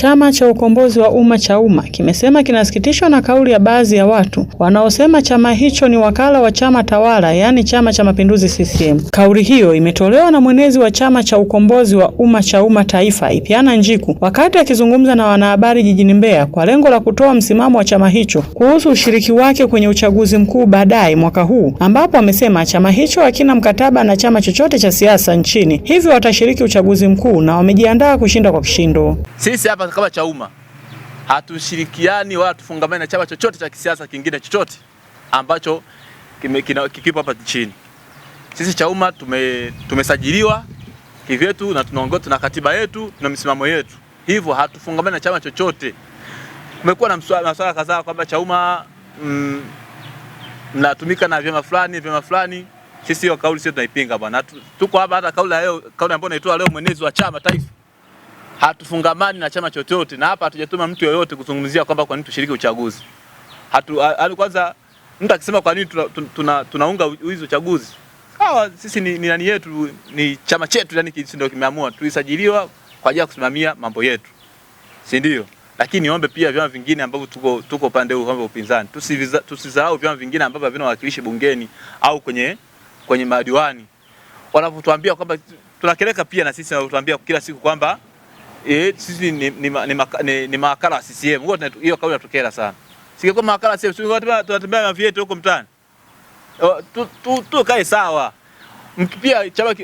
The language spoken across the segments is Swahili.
Chama cha Ukombozi wa Umma cha umma kimesema kinasikitishwa na kauli ya baadhi ya watu wanaosema chama hicho ni wakala wa chama tawala, yaani Chama cha Mapinduzi CCM. Kauli hiyo imetolewa na mwenezi wa Chama cha Ukombozi wa Umma cha umma Taifa, Ipiana Njiku, wakati akizungumza na wanahabari jijini Mbeya kwa lengo la kutoa msimamo wa chama hicho kuhusu ushiriki wake kwenye uchaguzi mkuu baadaye mwaka huu, ambapo amesema chama hicho hakina mkataba na chama chochote cha siasa nchini, hivyo watashiriki uchaguzi mkuu na wamejiandaa kushinda kwa kishindo. Sisi hapa kama cha umma hatushirikiani wala tufungamani na chama chochote cha kisiasa kingine chochote ambacho kikipo hapa nchini. Sisi cha umma tume, tumesajiliwa kivyetu na tunaongoza, tuna katiba yetu, tuna misimamo yetu, hivyo hatufungamani na chama chochote. Kumekuwa na masuala kadhaa kwamba Chauma mm, mnatumika na vyama fulani vyama fulani. Sisi hiyo kauli sio tunaipinga bwana, tuko hapa. Hata kauli leo, kauli ambayo naitoa leo mwenezi wa chama taifa hatufungamani na chama chochote, na hapa hatujatuma mtu yoyote kuzungumzia kwamba kwa nini tushiriki uchaguzi. Hatu a, kwanza mtu akisema kwa nini tunaunga tuna, tuna hizo uchaguzi hawa, sisi ni, ni nani yetu, ni chama chetu, yani kisi ndio kimeamua tulisajiliwa kwa ajili ya kusimamia mambo yetu, si ndio? Lakini niombe pia vyama vingine ambavyo tuko tuko upande huu kwamba upinzani, tusisahau vyama vingine ambavyo havina wawakilishi bungeni au kwenye kwenye madiwani, wanapotuambia kwamba tunakeleka pia na sisi, wanatuambia kila siku kwamba eh, sisi ni ni, ni, ni, ni mawakala CCM. Wote hiyo kauli inatokea sana. Singekuwa mawakala CCM, tunatembea tunatembea na vyetu huko mtaani. Tu, tu, tu kae sawa. Pia chama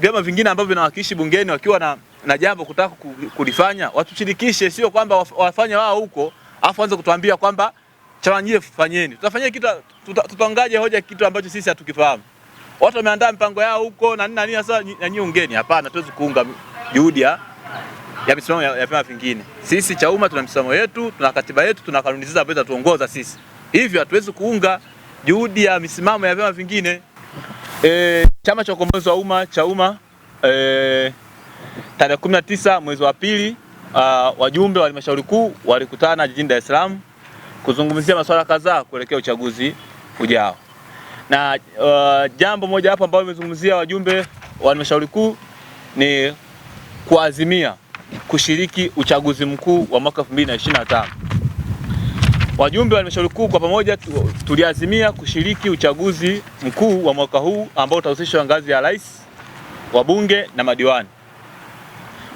vyama vingine ambavyo vinawakilishi bungeni wakiwa na na jambo kutaka kulifanya watushirikishe, sio kwamba wafanye wao huko afu anze kutuambia kwamba chama nyie fanyeni. Tutafanyia kitu tutaongaje hoja kitu ambacho sisi hatukifahamu. Watu wameandaa mipango yao huko na nini na nini, sasa na nyie ungeni. Hapana, tuwezi kuunga juhudi ya ya misimamo ya vyama vingine. Sisi Chauma tuna misimamo yetu, tuna katiba yetu, tuna kanuni zetu ambazo zinatuongoza sisi, hivyo hatuwezi kuunga juhudi ya misimamo ya vyama vingine. E, chama cha ukombozi wa umma Chauma e, tarehe 19 mwezi wa pili uh, wajumbe wa halmashauri kuu walikutana jijini Dar es Salaam kuzungumzia masuala kadhaa kuelekea uchaguzi ujao na uh, jambo moja hapo ambalo wamezungumzia wajumbe wa halmashauri kuu ni kuazimia kushiriki uchaguzi mkuu wa mwaka 2025. Wajumbe wa halmashauri kuu kwa pamoja tuliazimia kushiriki uchaguzi mkuu wa mwaka huu ambao utahusisha ngazi ya rais, wabunge na madiwani.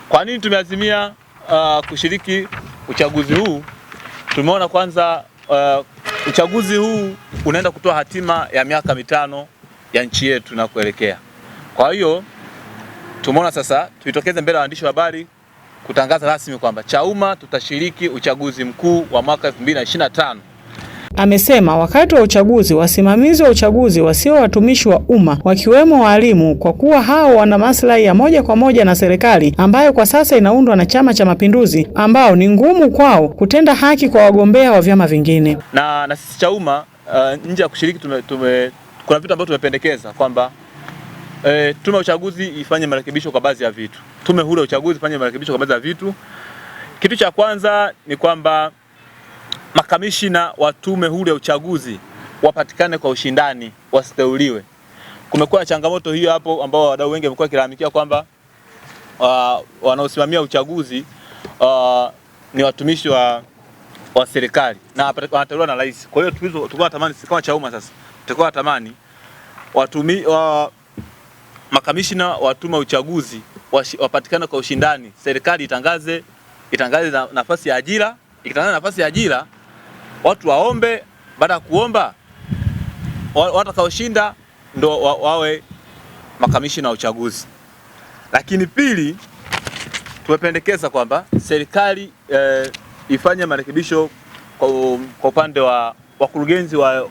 Kwa nini tumeazimia uh, kushiriki uchaguzi huu? Tumeona kwanza, uh, uchaguzi huu unaenda kutoa hatima ya miaka mitano ya nchi yetu na kuelekea. Kwa hiyo tumeona sasa tuitokeze mbele ya waandishi wa habari kutangaza rasmi kwamba Chauma tutashiriki uchaguzi mkuu wa mwaka 2025. Amesema wakati wa uchaguzi wasimamizi wa uchaguzi wasio watumishi wa umma wakiwemo waalimu, kwa kuwa hao wana maslahi ya moja kwa moja na serikali ambayo kwa sasa inaundwa na Chama cha Mapinduzi, ambao ni ngumu kwao kutenda haki kwa wagombea wa vyama vingine. Na na sisi Chauma uh, nje ya kushiriki tume, tume, kuna vitu ambavyo tumependekeza kwamba e, tume ya uchaguzi ifanye marekebisho kwa baadhi ya vitu. Tume huru ya uchaguzi ifanye marekebisho kwa baadhi ya vitu. Kitu cha kwanza ni kwamba makamishina wa tume huru ya uchaguzi wapatikane kwa ushindani, wasiteuliwe. Kumekuwa na changamoto hiyo hapo, ambao wadau wengi wamekuwa wakilalamikia kwamba uh, wanaosimamia uchaguzi uh, ni watumishi wa, wa serikali na wanateuliwa na rais. Kwa hiyo tulikuwa tunatamani kama CHAUMMA sasa, tulikuwa tunatamani watumi uh, makamishina wa tume uchaguzi wapatikana kwa ushindani, serikali itangaze itangaze na, nafasi ya ajira. Ikitangaza nafasi ya ajira, watu waombe. Baada ya kuomba, watakaoshinda ndo wa, wawe makamishina wa uchaguzi. Lakini pili, tumependekeza kwamba serikali eh, ifanye marekebisho kwa, kwa upande wa wakurugenzi wa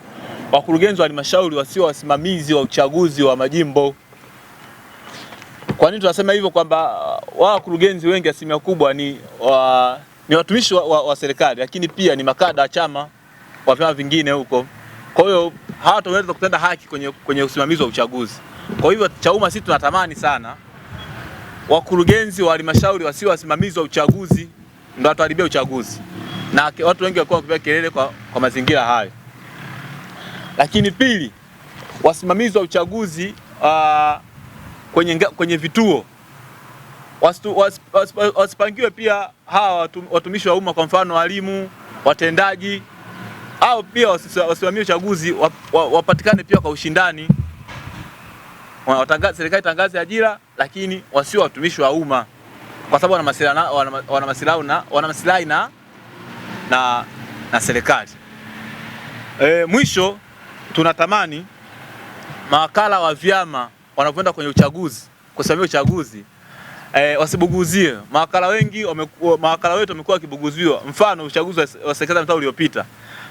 wakurugenzi wa halmashauri wasio wasimamizi wa uchaguzi wa majimbo. Kwa nini tunasema hivyo? Kwamba uh, wao wakurugenzi wengi, asilimia kubwa ni, wa, ni watumishi wa, wa, wa serikali, lakini pia ni makada wa chama wa vyama vingine huko. Kwa hiyo hawataweza kutenda haki kwenye, kwenye usimamizi wa uchaguzi. Kwa hivyo CHAUMMA sisi tunatamani sana wakurugenzi wa halmashauri wasio wasimamizi wa uchaguzi ndio watuharibia uchaguzi, na watu wengi walikuwa wakipiga kelele kwa, kwa mazingira hayo. Lakini pili, wasimamizi wa uchaguzi uh, kwenye, kwenye vituo wasipangiwe was, was, was, was pia hawa watumishi wa umma, kwa mfano walimu, watendaji au pia wasimamie uchaguzi wapatikane pia kwa ushindani. Serikali tangaze ajira, lakini wasio watumishi wa umma, kwa sababu wana masilahi na, na, na serikali. E, mwisho tunatamani mawakala wa vyama wanapoenda kwenye uchaguzi kusimamia uchaguzi eh, wasibuguzie mawakala. Wengi mawakala wetu wamekuwa wakibuguziwa, mfano uchaguzi wa serikali za mtaa uliopita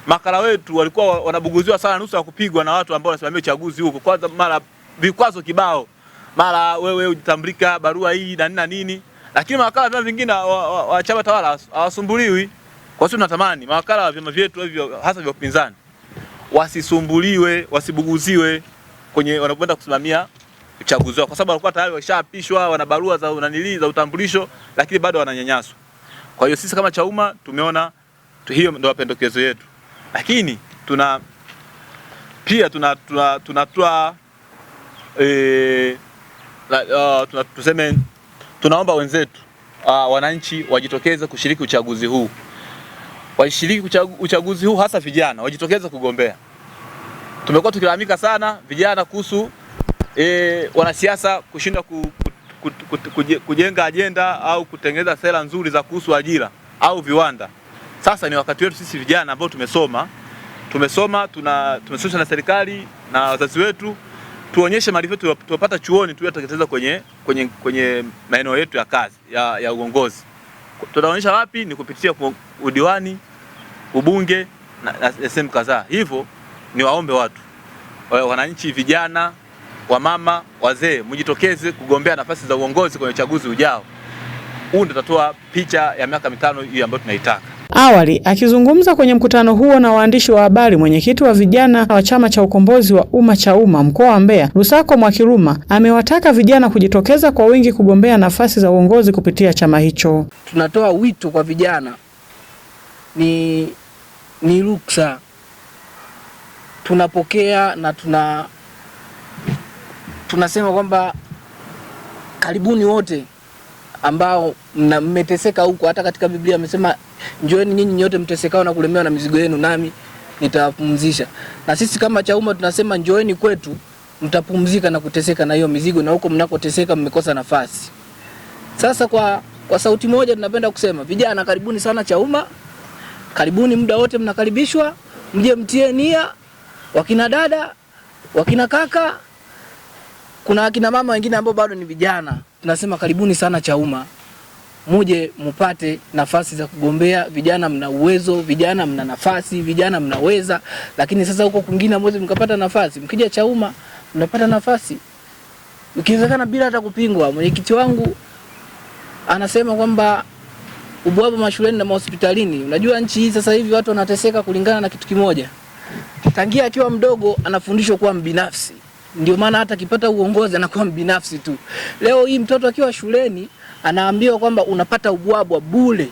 mawakala wetu walikuwa wanabuguziwa sana, nusu ya kupigwa na watu ambao wanasimamia uchaguzi huko. Kwanza mara vikwazo kibao, mara wewe ujitambulika barua hii na nini na nini, lakini mawakala vyama vingine wa, wa, wa chama tawala hawasumbuliwi. Kwa sababu tunatamani mawakala wa vyama vyetu hivyo hasa vya upinzani wasisumbuliwe, wasibuguziwe kwenye wanapoenda kusimamia uchaguzi wao, kwa sababu walikuwa tayari washapishwa, wana barua za nanili za utambulisho, lakini bado wananyanyaswa. Kwa hiyo sisi kama Chauma tumeona tu, hiyo ndio mapendekezo yetu, lakini tuna pia tunatoa tuna, tuna, tuna, tuna, e, uh, tuna, tuseme tunaomba wenzetu uh, wananchi wajitokeze kushiriki uchaguzi huu, washiriki uchaguzi huu hasa vijana wajitokeze kugombea. Tumekuwa tukilalamika sana vijana kuhusu e, wanasiasa kushindwa ku, ku, ku, ku, kujenga ajenda au kutengeneza sera nzuri za kuhusu ajira au viwanda. Sasa ni wakati wetu sisi vijana ambao tumesoma tumesoma tuna tumesomeshwa na serikali na wazazi wetu, tuonyeshe maarifa yetu tupata chuoni tuyatekeleza kwenye, kwenye, kwenye maeneo yetu ya kazi ya, ya uongozi. Tunaonyesha wapi? Ni kupitia udiwani, ubunge na, na sehemu kadhaa. Hivyo ni waombe watu wananchi, vijana wamama, wazee, mjitokeze kugombea nafasi za uongozi kwenye uchaguzi ujao. Huu ndio picha ya miaka mitano hiyo ambayo tunaitaka. Awali akizungumza kwenye mkutano huo na waandishi wa habari, mwenyekiti wa vijana wa Chama cha Ukombozi wa Umma cha umma mkoa wa Mbeya, Lusako Mwakiluma, amewataka vijana kujitokeza kwa wingi kugombea nafasi za uongozi kupitia chama hicho. Tunatoa wito kwa vijana, ni ni ruksa tunapokea na tuna tunasema kwamba karibuni wote ambao mmeteseka huko. Hata katika Biblia amesema njoeni nyinyi nyote mtesekao na kulemewa na mizigo yenu, nami nitawapumzisha. Na sisi kama CHAUMMA tunasema njoeni kwetu, mtapumzika na kuteseka na hiyo mizigo, na huko mnakoteseka mmekosa nafasi. Sasa kwa, kwa sauti moja tunapenda kusema vijana, karibuni sana CHAUMMA, karibuni muda wote, mnakaribishwa mje mtie nia, wakina dada, wakina kaka kuna wakina mama wengine ambao bado ni vijana, tunasema karibuni sana Chauma, muje mupate nafasi za kugombea. Vijana mna uwezo, vijana mna nafasi, vijana mnaweza. Lakini sasa huko kwingine mwezi mkapata nafasi, mkija Chauma mnapata nafasi, ikiwezekana bila hata kupingwa. Mwenyekiti wangu anasema kwamba ubwabu mashuleni na mahospitalini. Unajua nchi hii sasa hivi watu wanateseka kulingana na kitu kimoja, tangia akiwa mdogo anafundishwa kuwa mbinafsi ndio maana hata akipata uongozi anakuwa mbinafsi tu. Leo hii mtoto akiwa shuleni anaambiwa kwamba unapata ubwabwa bure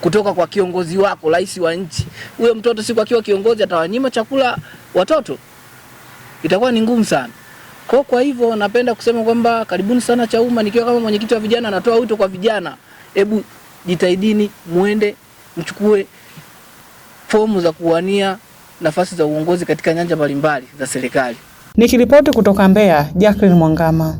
kutoka kwa kiongozi wako, rais wa nchi. Huyo mtoto siku akiwa kiongozi atawanyima chakula watoto, itakuwa ni ngumu sana. Kwa kwa hivyo napenda kusema kwamba karibuni sana Chauma, nikiwa kama mwenyekiti wa vijana natoa wito kwa vijana, hebu jitahidini, muende mchukue fomu za kuwania nafasi za uongozi katika nyanja mbalimbali za serikali. Nikiripoti kutoka Mbeya, Jacqueline Mwangama.